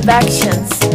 Productions